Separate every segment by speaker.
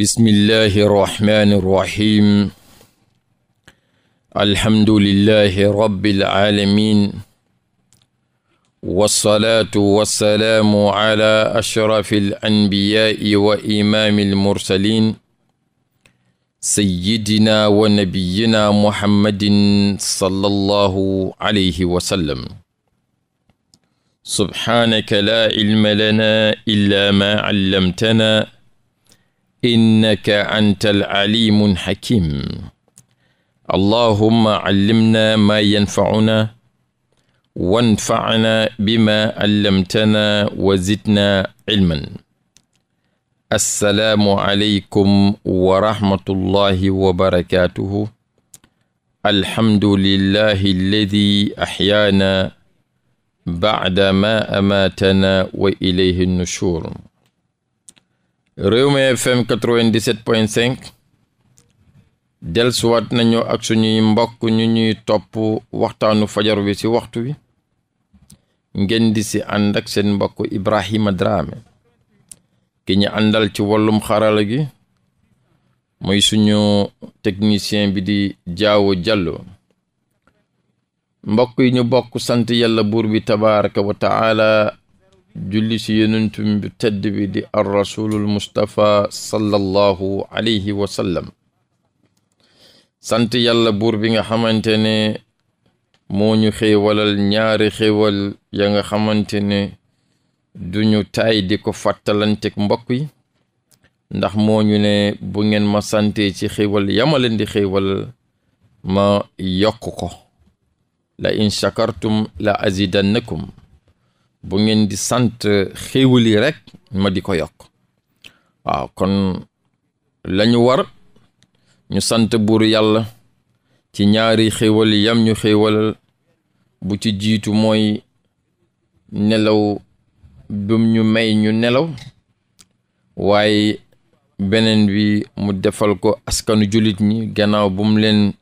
Speaker 1: bismillahi irrahmani irrahim alhamdulillahi rabbil alamin wasalaatu wasalaamu ala ashrafi alanbiyaai wa imaami almursalin sayyidina wa nabiyina muhammadin sallallahu alayhi wa sallam subhaanaka laa ilma lanaa illaa maa allamtanaa innaka antal alimun hakim allahumma allimna maa yanfa'una wanfa'na bima allamtana wa zidna ilman assalaamu aleykum wa rahmatullahi wa barakatuhu alhamdulillahi alladi ahyaana ba'da ma amaatana wa ilayhi nushur Rewmi FM 97.5 delsuwaat nañu ak suñuy mbokk ñu ñuy topp waxtaanu fajar wi ci waxtu wi ngeen di ci ànd ak seen mbokk Ibrahima Drame ki ñu àndal ci wàllum xarala gi mooy suñu technicien bi di jaawo jàllo mbokk yi ñu bokk sant yàlla buur bi tabaraka wa julli si yonentum bi di ar rasulul mustapha sallallahu alayhi wa sant yàlla buur bi nga xamante ne moo ñu xéewalal ñaari xéewal ya nga xamante ne duñu taay di ko fàttalantek mbokk yi ndax moo ne bu ngeen ma sante ci xéewal yama leen di xéewal ma yokk ko la in shakartum la azidannakum bu ngeen di sant xéewal yi rek ma di ko yokk waaw kon lañu war ñu sant buur yàlla ci ñaari xéewal yam ñu xéewalal bu ci jiitu mooy nelaw bum ñu may ñu nelaw waaye beneen bi mu defal ko askanu jullit ñi gannaaw bu mu leen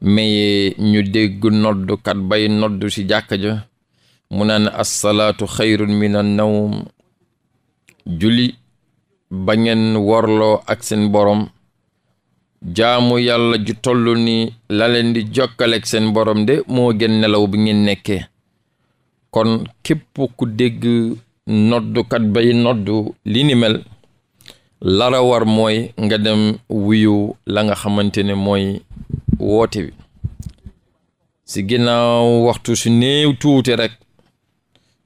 Speaker 1: mayee ñu dégg noddukat bay noddu ci jàkka ja mu naan assalaatu xayrun min an nawm julli ba ngeen warloo ak seen borom jaamu yàlla ju toll ni la leen di jokkaleek seen borom de moo gën nelaw bi ngeen nekkee kon képp ku dégg noddukat bay noddu li ni lara war mooy nga dem wuyu la nga xamante ne mooy woote bi si ginaaw waxtu si néew tuuti rek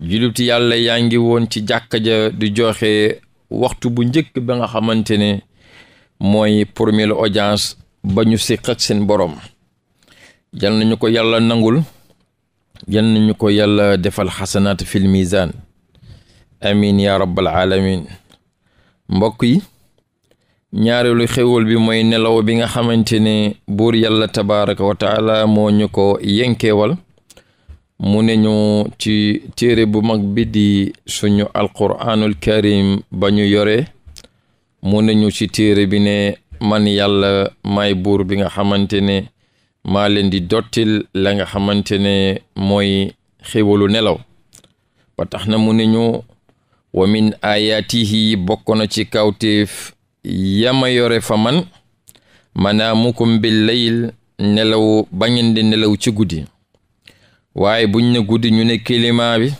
Speaker 1: julliti yàlla yaa ngi woon ci jàkka ja joxe waxtu bu njëkk ba nga xamante ne mooy première audience bañu ñu séq ak seen boroom yal nañu ko yàlla nangul yal nañu ko yàlla defal xasanaat fil mizaan amin ya rabbal mbokk yi ñaareelu xewal bi mooy nelaw bi nga xamante ne buur yàlla tabaaraka wa taala moo ñu ko yenkeewal mu ne ci téere bu mag bi di suñu alquraanul karim bañu ñu yore mu ci téere bi ne man yàlla may buur bi nga xamante ne maa leen di dottil la nga xamante ne mooy xéwalu nelaw ba tax na mu ne ñu wa min ayaatihi bokk na ci kawteef yama yore fa man manaamukum bil layl nelaw ba ngeen di nelaw ci guddi waaye buñ ne guddi ñu ne climat bi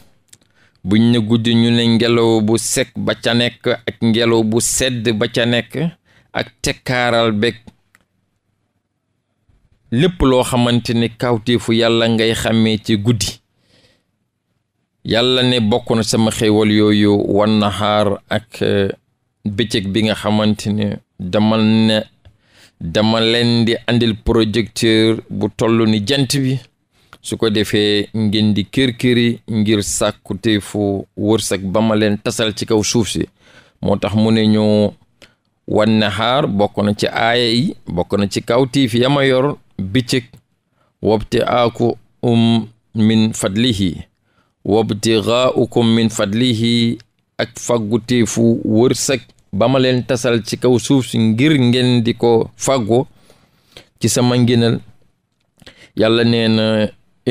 Speaker 1: buñ ne guddi ñu ne ngelaw bu sec ba ca nekk ak ngelaw bu sedd ba ca nekk ak tekkaaral bég lépp loo xamante ni kawteefu yàlla ngay xàmmee ci guddi yàlla ne bokk na sama xéewal yooyu wan naxaar ak eh, bëccëg bi nga xamante ne dama ne dama leen di andil projecteur bu toll ni jant bi su ko defee ngeen di kër-këri ngir sàkkute fu wërsëg ba tasal ci kaw suuf si moo tax mu ne ñu wan nahaar bokk na ci aaya yi bokk na ci kaw tiif yama yor bëccëg wabti aaku um min fadlihi wabtigaaukum min fadlihi ak fàgguteefu wërsëg ba ma leen tasal ci kaw suuf si ngir ngeen di ko fàggu ci sama ngënal yàlla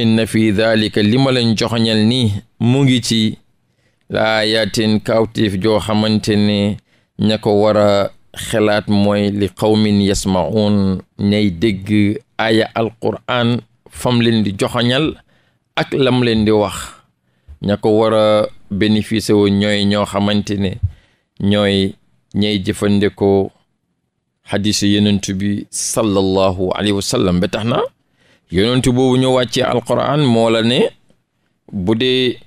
Speaker 1: inna fi daalika li ma leen joxoñal nii mu ngi ci laa yaatin kawtif joo xamante ne ña ko war a xelaat mooy li qawmin yasmaun ñay dégg aaya alquran fam leen di joxoñal ak lam leen di wax ña ko war a bénéficier wu ñooy ñoo xamante ne ñooy ñay jëfandikoo xadisu yenentu bi sallallahu alayhi wa sallam tax na yonentu boobu ñu wàccee alquran moo la ne bu dee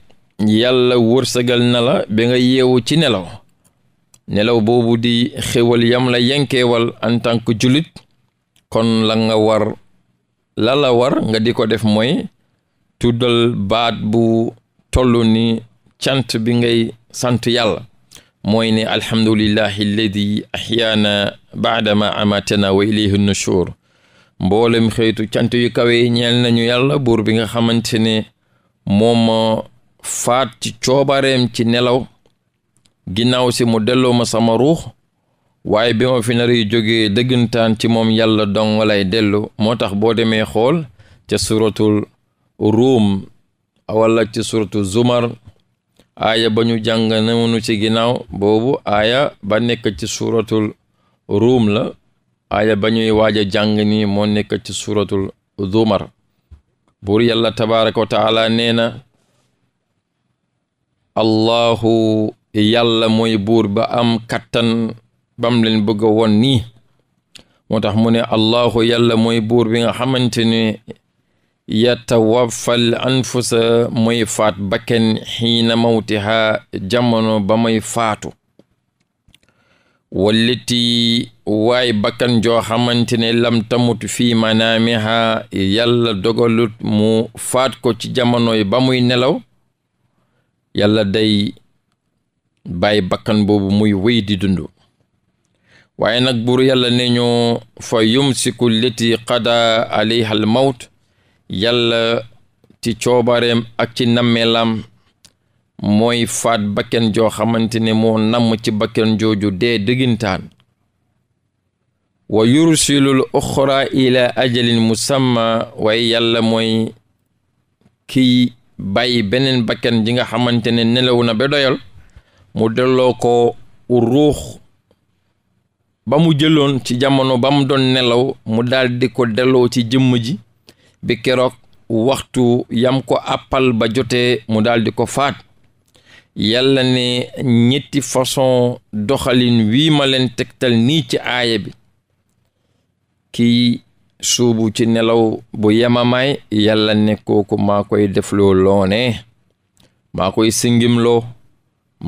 Speaker 1: yàlla wërsëgal na la ba nga yeewu ci nelaw nelaw boobu di xéwal yam la yenkeewal en tant que jullit kon la nga la war nga di ko def mooy tuddal baat bu toll ni cant bi ngay sant yàlla mooy ne alhamdulillahi alladi ahyaana baadama amatana wa ilayhi nushur mboolem xeetu cant yu kawe yi ñeel nañu yàlla buur bi nga xamante ne moom faat ci coobareem ci nelaw ginnaaw si mu delloo ma sama ruux waaye bi ma fi nar yu jógee dëggantaan ci moom yàlla dong dellu moo tax boo demee xool ca suratul ruum wala ci suratu zumar aaya ba ñu jàng nemunu ci ginnaaw boobu aaya ba nekk ci suuratul ruum la aaya ba ñuy waaj a jàng nii moo nekk ci suratul zumar buur yàlla tabaraka wa nee na allahu yàlla mooy buur ba am kattan bam leen bëgg woon nii moo tax mu ne allahu yàlla mooy buur bi nga xamante ne yatawaffal anfusa mooy faat bakken xiina mawtiha jamono ba may faatu walliti waay bakkan joo xamante ne lam tamut fii manaamiha yàlla dogalut mu faat ko ci jamonoy ba muy nelaw yàlla day bàyyi bakkan boobu muy wéy di dund waaye nag buur yàlla ne ñu fa yumsiku leti qada alayha al mawt yàlla ci coobareem ak ci nammeelam mooy faat bakkan joo xamante ne moo namm ci bakkan jooju dee dëggintaan wa yursilul uxra ila ajalin musamma waaye yàlla mooy kiy bàyyi beneen bakkan ji nga xamante ne nelaw na ba doyal mu delloo ko ruux ba mu jëloon ci jamono bamu mu doon nelaw mu daldi ko delloo ci jëmm ji bi keroog waxtu yam ko appal ba jotee mu daldi ko faat yàlla ne ñetti façon doxalin wii ma leen tegtal nii ci aaya bi kiy suubu ci nelaw bu yemamaay yàlla ne kooku maa koy defloo loone maa koy singimloo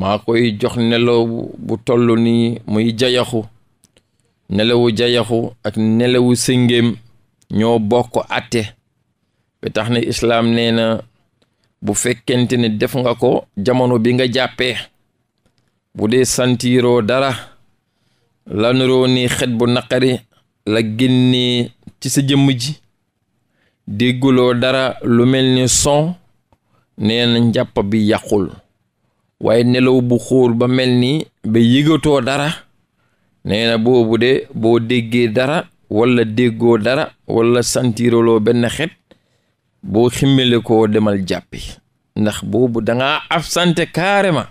Speaker 1: maa koy jox nelaw bu toll ni muy jayaxu nelawu jayaxu ak nelawu singim ñoo bokk atte ba tax na islaam nee na bu fekkente ne def nga ko jamono bi nga jàppee bu dee santiiroo dara lanuroo ni xet bu naqari la génnee ci sa jëmm ji dégguloo dara lu mel ni soŋ nee na njàpp bi yàqul waaye nelaw bu xóor ba mel ni ba yëgatoo dara nee na boobu de boo déggee dara wala déggoo dara walla santiroloo benn xet boo ximmele koo demal jàppi ndax boobu dangaa absente carrément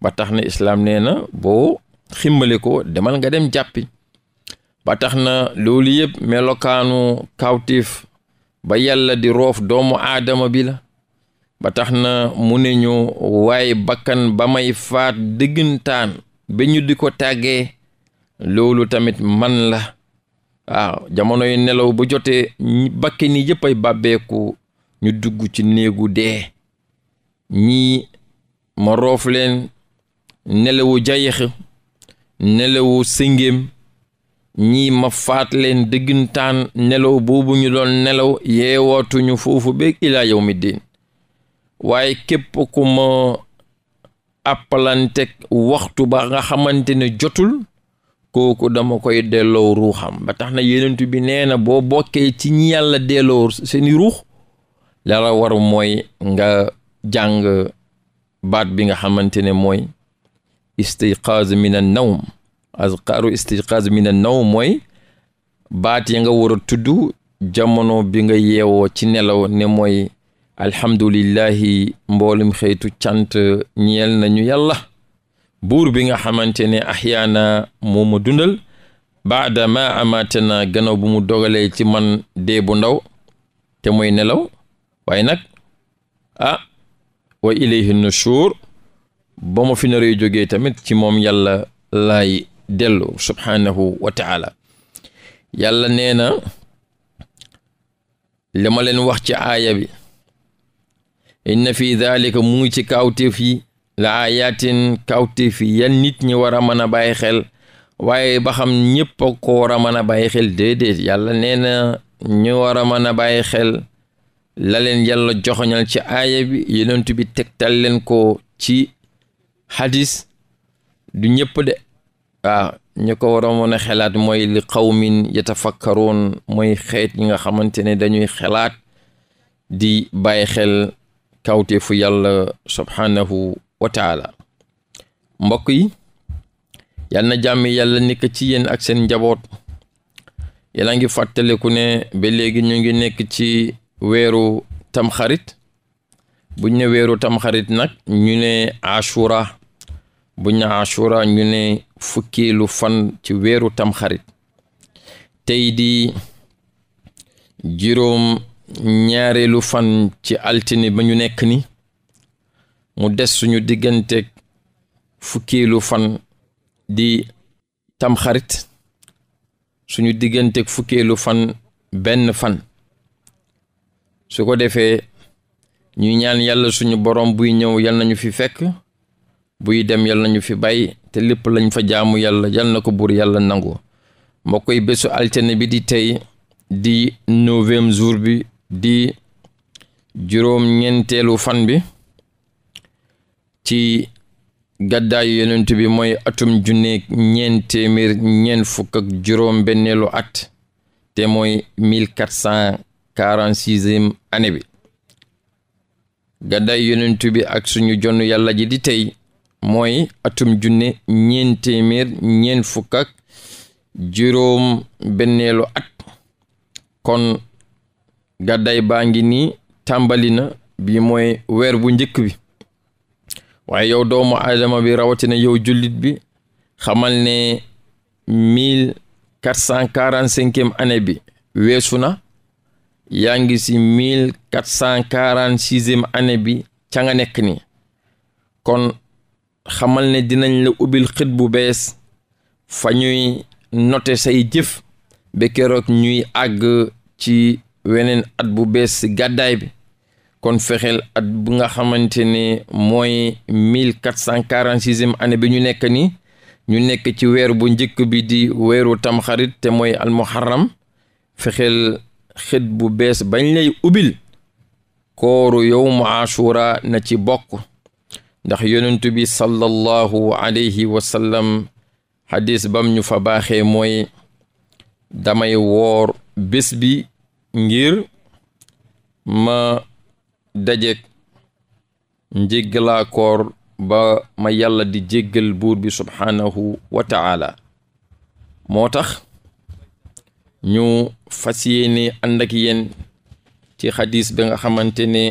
Speaker 1: ba tax na islaam nee na boo ximmale ko demal nga dem jàppi ba tax na loolu yëpp melokaanu kawtif ba yàlla di roof doomu aadama bi la ba tax na mu ne ñu waay bakkan ba may faat dëggantaan ba ñu di ko tàggee loolu tamit man la waaw jamono nelaw bu jotee bakke ni yëpp ay bàbbeeku ñu dugg ci néegu dee ñii ma roof leen nelawu jayex nelawu sëngéem ñii ma faat leen dëggantaan nelaw boobu ñu doon nelaw yeewootuñu foofu beeg ilaa yawmi diin waaye képp ku ma appalanteg waxtu ba nga xamante ne jotul kooku dama koy delloo ruuxam ba tax na yenentu bi nee na boo bokkee ci ñi yàlla delloo seeni ruux lara waru mooy nga jàng baat bi nga xamante ne mooy istiqaaz min an nawm azkaaru istiqaas ne naw mooy baat ya nga war a tudd jamono bi nga yeewoo ci nelaw ne mooy alhamdulillahi mboolum xëytu cant ñeel nañu yàlla buur bi nga xamante ne axyaana moo ma dundal baada ma na gannaaw bu mu dogalee ci man dee bu ndaw te mooy nelaw waaye nag ah wa ilayhi nushur ba ma fi naree tamit ci moom yàlla laay dellu subhaanahu wa taala yàlla nee na li leen wax ci aaya bi inna fi daalika mu ngi ci kawteef yi la aayaatin yan nit ñi war a mën a bàyyi xel waaye ba xam ñépp a ko war a mën a bàyyi xel déedéet yàlla nee na ñu war a mën a bàyyi xel la leen yàlla joxoñal ci aaya bi yonent bi tegtal leen ko ci hadis du ñépp ah ñu ko war a mën a xelaat mooy li qawmin yatafakkaroon mooy xeet yi nga xamante ne dañuy xelaat di bàyyi xel kawteefu yàlla subhaanahu wa taala mbokk yi yal jàmm yàlla nekk ci yéen ak seen njaboot yéen a ngi fàttaliku ne ba léegi ñu ngi nekk ci weeru tamxarit buñ ne weeru tamxarit nag ñu ne ashura bu na ashura ñu ne fukkeelu fan ci weeru tamxarit tey di juróom ñaareelu fan ci altine ba ñu nekk ni mu des suñu digganteeg fukkilu fan di tamxarit suñu digganteeg fukkeelu fan benn fan su ko defee ñuy ñaan yàlla suñu borom buy ñëw yal nañu fi fekk buy dem yal nañu fi bay te lépp lañ fa jaamu yàlla yal na ko buur yàlla nangu mbokk yi bésu altine bi di tey di neuvième jour bi di juróom-ñeenteelu fan bi ci gàddaayu yonent bi mooy atum junneeg ñeent téeméer ñeent fukk juróom benneelu at te mooy mille quatre cent quarante année bi gàddaayu yonent bi ak suñu jonn yàlla ji di tey moy atum junne ñeent téeméer ñeent fukk juróom benneelu at kon gàddaay baa ngi nii tàmbali na bi moy weer bu njëkk bi waaye yow doomu aadama bi rawatina yow jullit bi xamal ne mille quatre cent année bi weesu na yaa ngi si mille quatre cent quarante année bi ca nga nekk nii kon xamal ne dinañ la ubbil xit bu bees fa ñuy note say jëf ba keroog ñuy àgg ci weneen at bu bees gàddaay bi kon fexeel at bu nga xamante ne mooy mille quatre cent quarante sixième année bi ñu nekk ni ñu nekk ci weer bu njëkk bi di weeru tamxarit te mooy almuharram fexeel xët bu bees bañ lay ubbil kooru yow mu ashura na ci bokk ndax yonent bi sallallahu alayhi wa sallam bam ñu fa baaxee mooy damay woor bés bi ngir ma dajeg njéggalaa ba ma yàlla di jéggal buur bi subhaanahu wa moo tax ñu fas yéene ànd ak ci xadis bi nga xamante ne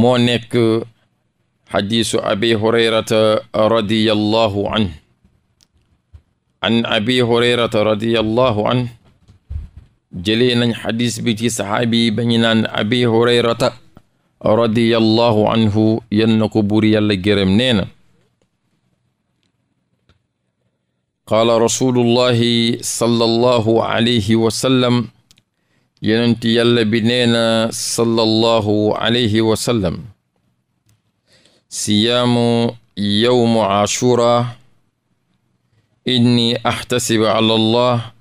Speaker 1: moo nekk xadiisu abi hurayrata radiyallahu an an abi hurayrata radiyallahu an jëlee nañ xadiis bi ci saxaabi ba ñu naan abi hurayrata radiyallahu anhu yan na ko buur yàlla gërëm nee na qaala rasulullahi sallallahu alayhi wa sallam yonent yàlla bi nee na sallallahu alayhi wa sallam siyaamu yawmu ashura inni ahtasibu ala allah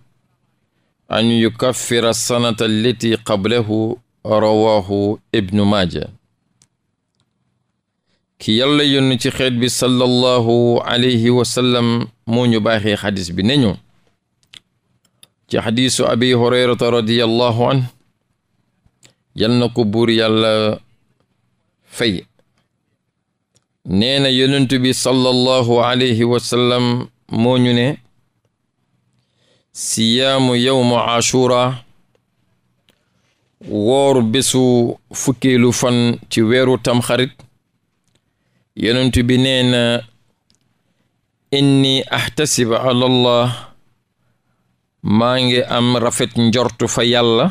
Speaker 1: an yukaffira sanata allati qablahu rawahu ibnu maaja ki yàlla yónn ci xeet bi sallallahu alayhi wa sallam moo ñu baaxee xadis bi nañu ci xadisu abi hurayrata radiyallahu an yal na ko buur yàlla fay nee na bi sallallahu alayhi wa sallam moo ñu ne siyaamu yowmu ashura woor bésu fukkeelu fan ci weeru tamxarit yonent bi nee na inni ahtasib ala allah maa ngi am rafet njortu fa yàlla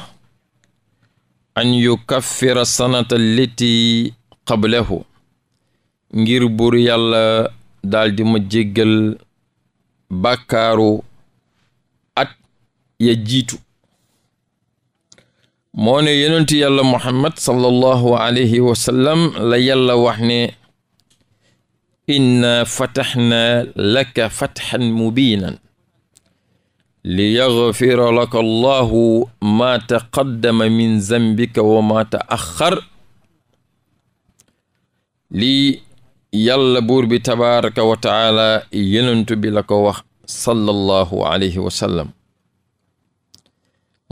Speaker 1: an yukaffira sanata liti qablahu ngir buur yàlla daldi ma jéggal bàkkaaru at ya jiitu moo ne yàlla muhammad sallallahu alayhi wa la yalla wax ne inna fataxna laka fatxan mubiinan li yagfira laka allahu maa taqaddama min zambika wa maa taaxar lii yàlla buur bi tabaraka wa taala yenentu bi la ko wax sallallahu alayhi wa sallam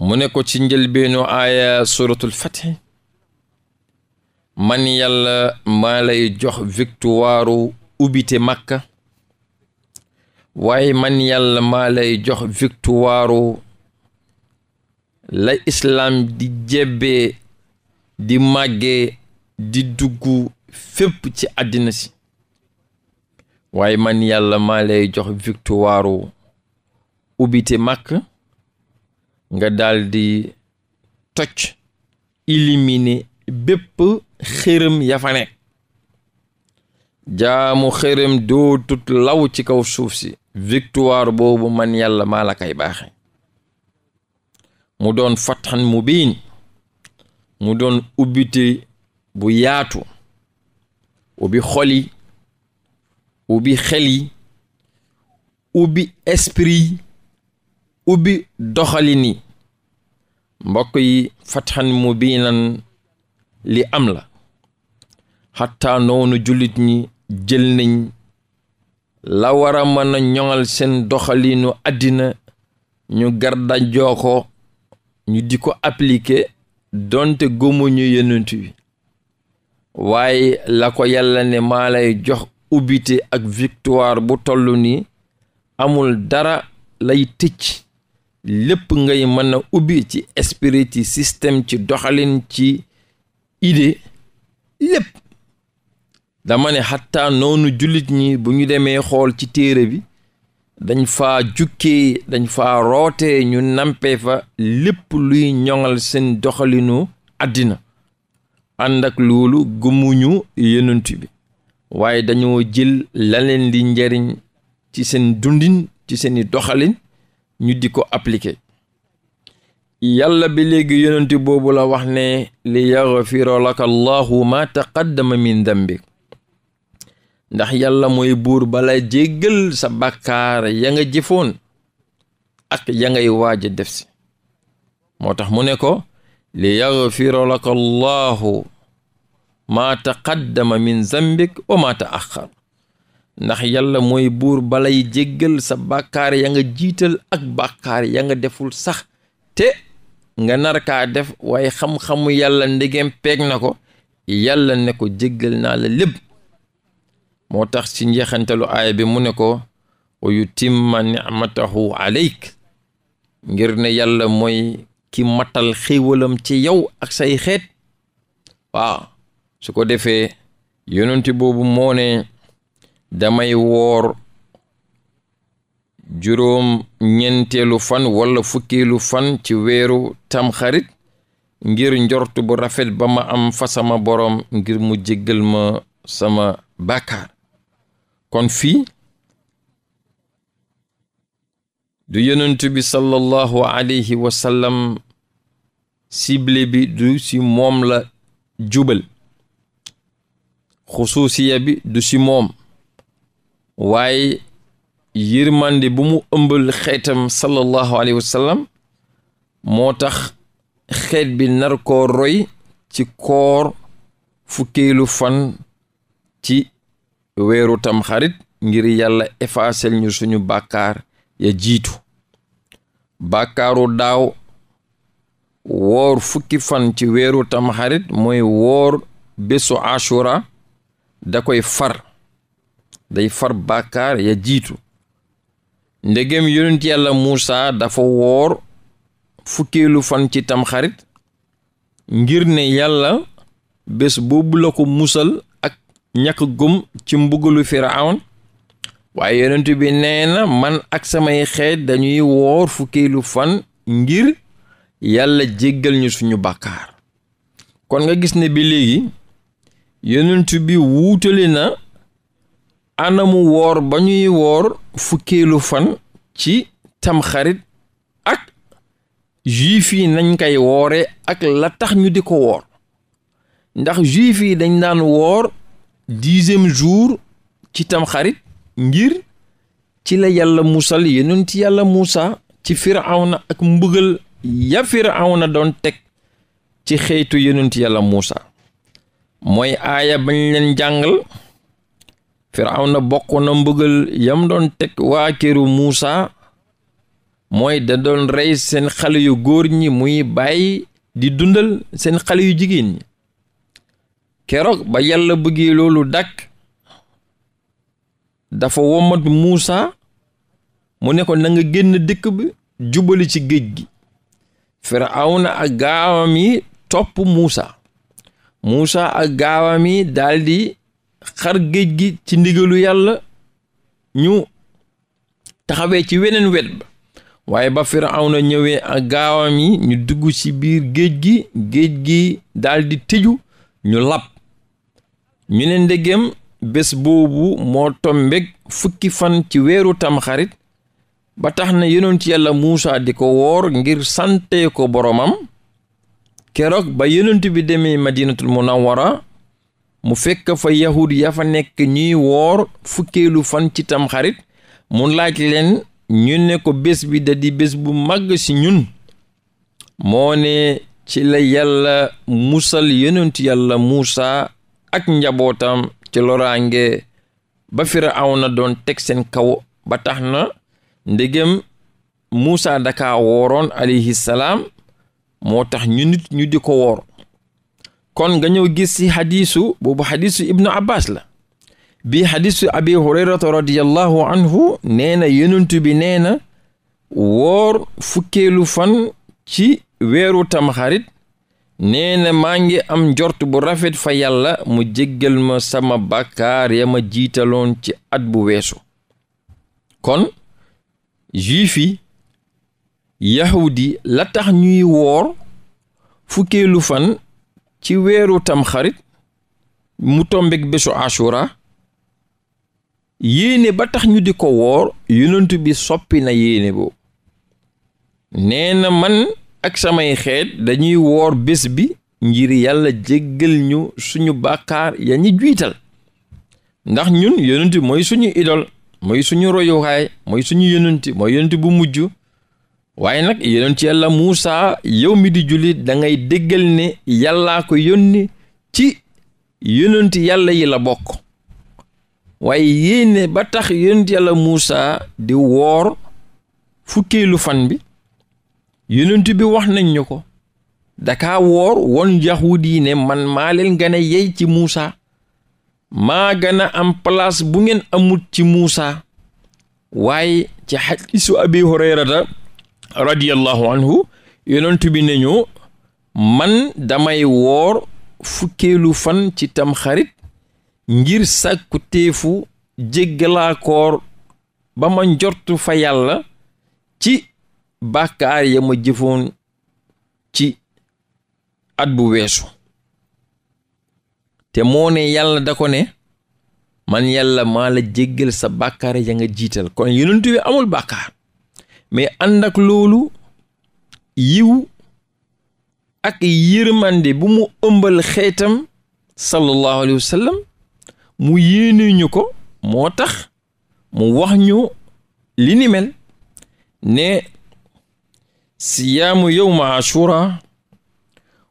Speaker 1: mu ne ko ci njëlbeenu aaya suratul fatih man yàlla maa jox victoire ubbite makka waaye man yàlla maa lay jox victoire la islaam di jebbee di màggee di dugg fépp ci àddina si waaye man yàlla maa lay jox victoire ubbite màkk nga daldi toj éliminer bépp xërëm yafane fa jaamu xërëm dootut law ci kaw suuf si victoire boobu man yàlla maa kay baaxe mu doon fatxan mubiin mu doon ubbite bu yaatu ubbi xol yi ubbi xel yi ubbi esprit yi ubbi doxalin yi mbokk yi fatxan mubiinan li am la xataa noonu jullit ñi jël nañ la war mën a ñoŋal seen doxalinu àddina ñu gardajoo ñu di ko appliquer doonte gëmuñu yenent bi waaye la ko yàlla ne maa lay jox ubbite ak victoire bu toll nii amul dara lay tëcc lépp ngay mën a ubbi ci esprit ci système ci doxalin ci idée lépp damane ne noonu jullit ñi bu ñu demee xool ci téere bi dañ faa jukkee dañ faa rootee ñu nampee lépp luy ñoŋal seen doxalinu àddina ànd ak loolu gëmuñu yenant bi waaye dañoo jël la leen li njariñ ci seen dundin ci seeni doxalin ñu di ko applike yàlla bi léegi yonent boobu la wax ne li yaxfira laka allahu ma taqaddama min dambik ndax yàlla mooy buur bala jéggal sa bàkkaar ya nga jëfoon ak ya ngay waaj a def si moo tax mu ne ko li yaxfira laka allahu maa taqaddama min zambik wa maa taaxar ndax yàlla mooy buur balay jéggal sa bàkkaar ya nga jiital ak bàkkaar ya nga deful sax te nga narkaa def waaye xam-xamu yàlla ndegem peeg na ko yàlla ne ko jéggal naa la lépp moo tax ci njeexantalu aaya bi mu ne ko wa yutimma nicmatahu aleyk ngir ne yàlla mooy ki matal xéewalam ci yow ak say xeet waaw su ko defee yonent boobu moone damay woor juróom ñeenteelu fan walla fukkeelu fan ci weeru tamxarit ngir njort bu rafet ba ma am fa sama boroom ngir mu jéggal ma sama bàkkaar kon fii du yonent bi sallallahu alayhi wa sallam bi du si moom la jubal xusuusiya bi du ci moom waaye yërmande bu mu ëmbal xeetam sallallahu alayhi wa moo tax xeet bi nar koo roy ci koor fukkeelu fan ci weeru tamxarit ngir yàlla effacer ñu suñu bàkkaar ya jiitu bàkkaaru daaw woor fukki fan ci weeru tamxarit mooy woor bésu ashura da koy far day far bàkkaar ya jiitu ndegem yonent yàlla Muusa dafa woor fukkeelu fan ci tamxarit ngir ne yàlla bés boobu ko musal ak ñakk gum ci mbugalu Firawn waaye yonent bi neena man ak samay xeet dañuy woor fukkeelu fan ngir yàlla jéggal ñu suñu bàkkaar kon nga gis ne bi yonent bi wuutale na anamu woor ba ñuy woor fukkeelu fan ci tamxarit ak juif nañ koy woore ak la tax ñu di ko woor ndax juifi dañ daan woor dixième jour ci tamxarit ngir ci la yàlla musal yonent yàlla Muusa ci firawna ak mbugal ya firawna doon teg ci xeetu yonent yàlla Muusa mooy aaya bañ leen jàngal firawna bokk na mbugal yam doon teg waa këru Muusa mooy da doon rey seen xale yu góor ñi muy bàyyi di dundal seen xale yu jigéen ñi keroog ba yàlla bëggee loolu dakk dafa womat Muusa mu ne ko na nga génn dëkk bi jubali ci géej gi firawna ak gaawam yi topp Muusa Muusa ak gaawam yi daldi xar géej gi ci ndigalu yàlla ñu taxawee ci weneen wet ba waaye ba Firawna ñëwee a gaawam yi ñu dugg ci biir géej gi géej gi daldi tëju ñu lab ñu ne ndegem bés boobu moo tombeg fukki fan ci weeru tamxarit ba tax na yonent yàlla Muusa di ko woor ngir sante ko boromam keroog ba yonent bi demee madinatul munawwara mu fekk fa yahud ya fa nekk ñuy woor fukkeelu fan ci tam xarit mu laaj leen ñu ne ko bés bi da di bés bu màgg ci ñun moone ne ci la yàlla musal yonent yàlla Muusa ak njabootam ci loraange ba Firawna doon teg seen kaw ba tax na ndegem Muusa daka wooroon alayhi moo tax ñu ñu di ko woor kon nga ñëw gis ci xadiisu boobu xadiisu ibnu abbas la bii xadiisu abi hurayrata radiallahu anhu nee na yonent bi nee na woor fukkeelu fan ci weeru tamxarit nee na maa ngi am njort bu rafet fa yàlla mu jéggal ma sama bàkkaar ya ma jiitaloon ci at bu weesu kon juif yahudi la tax ñuy woor fukkeelu fan ci weeru tamxarit mu tombek bésu ashura yéene ba tax ñu di ko woor yonent bi soppi na yéene boobu nee na man ak samay xeet dañuy woor bés bi ngir yàlla jéggal ñu suñu bàkkaar ya ñu juital ndax ñun yonent mooy suñu idol mooy suñu royukaay mooy suñu yonent mooy yonent bu mujj waaye nag yonent yàlla Muusa yow mi di jullit da ngay déggal ne yàllaa ko yónni ci yonent yàlla yi la bokk waaye yéene ba tax yonent yàlla Muusa di woor fukkeelu fan bi yonent bi wax nañ ko daka woor won yahud yi man maa leen yey ci Muusa maa gana a am place bu ngeen amut ci Muusa waaye ci hadiisu Abi Hurayrata radiyallahu anhu yonent bi nañu man damay woor fukkeelu fan ci tam xarit ngir sàkku teefu jéggalaakoor ba ma fa yàlla ci bàkkaar ya ma jëfoon ci at bu weesu te moone ne yàlla da ko ne man yàlla maa la jéggal sa bàkkaar ya nga jiital kon yonent amul bàkkaar mais ànd loolu yiw ak yërmande bu mu ëmbal xeetam sallallahu alayhi wa mu yéene ko moo tax mu wax ñu li ni mel ne siyaamu yowma ashura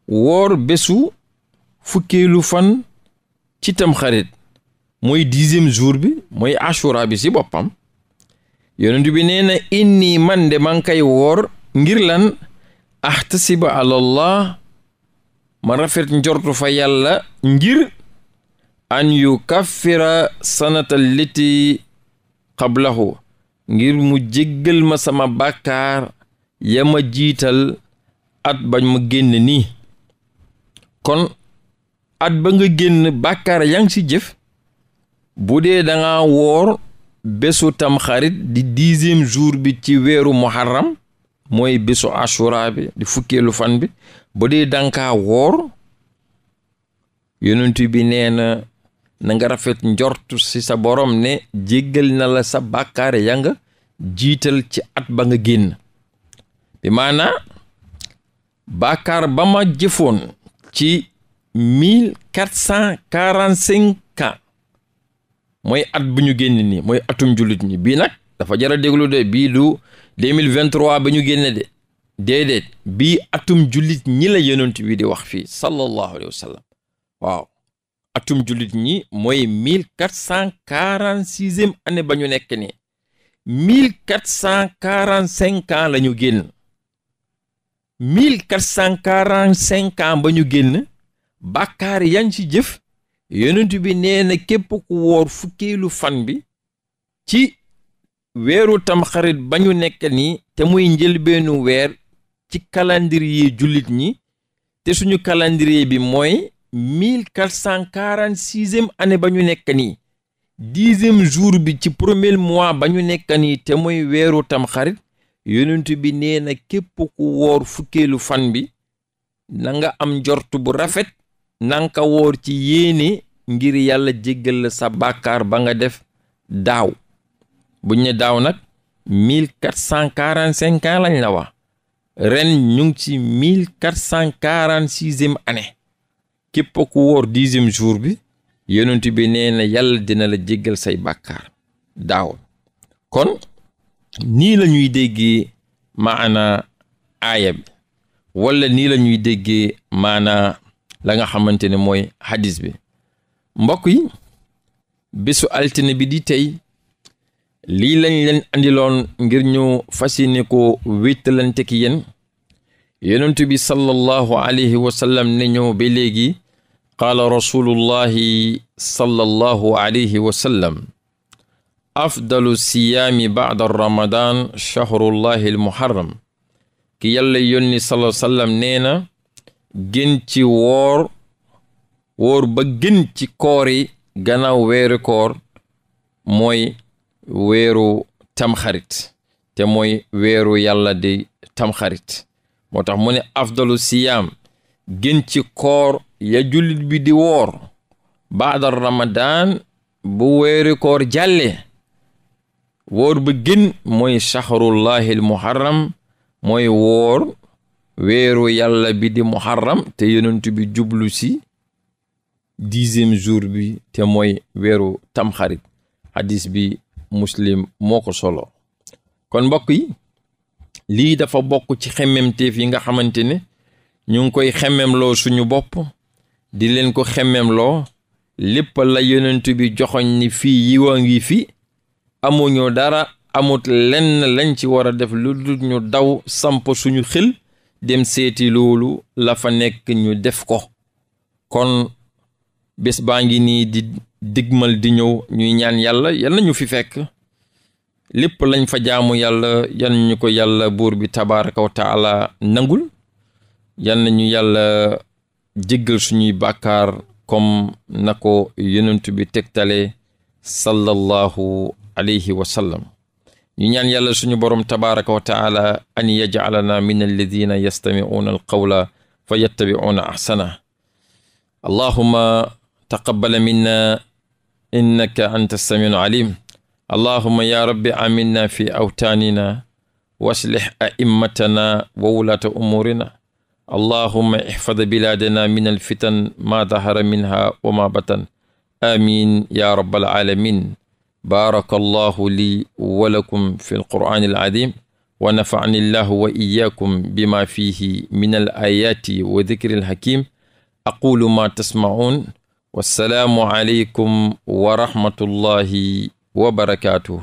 Speaker 1: woor bésu fukkeelu fan ci tamxarit mooy dixième jour bi mooy ashura bi ci boppam yonent bi nee inni man de man kay woor ngir lan ahtasiba alallah ma rafet njortu fa yàlla ngir an yu kaffira sanata liti qablahu ngir mu jéggal ma sama bàkkaar ya ma jiital at bañ ma génn nii kon at ba nga génn bàkkaar yaa ngi ci jëf danga woor bésu tamxarit di dixième jour bi ci weeru muharram mooy bésu ashura di fukkeelu fan bi bu dee dankaa woor yonent bi neena nanga rafet njortu ci sa borom ne jéggal na la sa bàkkaar ya nga jiital ci at ba nga génn bi maanaa bàkkaar ba ma ci mille quatre mooy at bu ñu génn nii mooy atum jullit ni bii nag dafa jar a déglu de bii du 2023 ba ñu génne de déedéet bii atum jullit ñi la yonent bi di wax fii sallallahu alayhi wa waaw atum jullit ñi mooy 1446e année ba ñu nekk nii 1445 ans la ñu génn 1445 ans ba ñu génn bàkkaar yan ci jëf yonent bi neena na ku woor fukkeelu fan bi ci weeru tamxarit ba ñu nekk ni te muy njëlbeenu weer ci calendrier jullit ñi te suñu calendrier bi mooy mille quatre cent quarante sixième année ba ñu nekk nii dixième jour bi ci premier mois ba ñu nekk nii te muy weeru tamxarit yonent bi nee na képp ku woor fukkeelu fan bi na nga am njort bu rafet na woor ci yéene ngir yàlla jéggal la sa bàkkaar ba nga def daaw buñ ne daaw nag mille quatre cent quarante cinq ans la wax ren ñu ngi ci mille quatre cent quarante sixième année ku woor dixième jour bi yonent bi neena na yàlla dina la jéggal say bàkkaar daaw kon nii la ñuy déggee maana aaya bi wala nii la déggee maana la nga xamante ne mooy hadis bi mbokk yi bésu altine bi di tey lii lañ leen andiloon ngir ñu fas yéene ko wéttalante ki yéen yonent bi sallallahu alayhi wa sallam ne ñëw ba léegi qaala rasulullahi sallallahu alayhi wa sallam afdalu siyaami baada ramadan shahrullahi almuharram ki yàlla yónni sallallahu sallam nee gën ci woor woor ba gën ci koor yi gannaaw weeru koor mooy weeru tamxarit te mooy weeru yàlla di tamxarit moo tax mu ne afdalu siyam gën ci koor ya jullit bi di woor baada ramadan bu weeru koor jàlle woor ba gën mooy saxarullahil muharram mooy woor weeru yàlla bi di muharram te yonent bi jublu si dixième jour bi te mooy weeru tamxarit hadis bi muslim moo ko solo kon mbokk yi lii dafa bokk ci xemmemteef yi nga xamante ne ñu ngi koy xemmemloo suñu bopp di leen ko xemmemloo lépp la yonent bi joxoñ ni fii yiwa ngi fi amuñu dara amut lenn lañ ci war a def lu dul ñu daw samp suñu xel dem seeti loolu la nekk ñu def ko kon bés baa ngi nii di digmal di ñëw ñuy ñaan yàlla yal na ñu fi fekk lépp lañ fa jaamu yàlla yal ñu ko yàlla buur bi tabaraka wa nangul yal na ñu yàlla jéggal suñuy bàkkaar comme na ko yonent bi tegtale sallallahu alayhi wa sallam ñu ñaan yàlla suñu borom tabaraka wa taala an yajcalana min alladina yastamicuuna alqawla fa yattabicuuna axsana allahuma taqabala minna innaka anta samiu alim allahuma ya rabbi aminna fi awtaanina wa aslix aimmatana wa wulaata umuurina allahuma ixfad bilaadana min alfitan ma dahara minha wa ma batan amin ya rabbal alamin baaraka allahu lii walakum fi alqur'ani alazim wa nafani llahu wa iyakum bima fihi min al ayati wa dikri alhakim aqulu ma tasmaun wassalaamu aleykum wa rahmatullahi wa barakaatuhu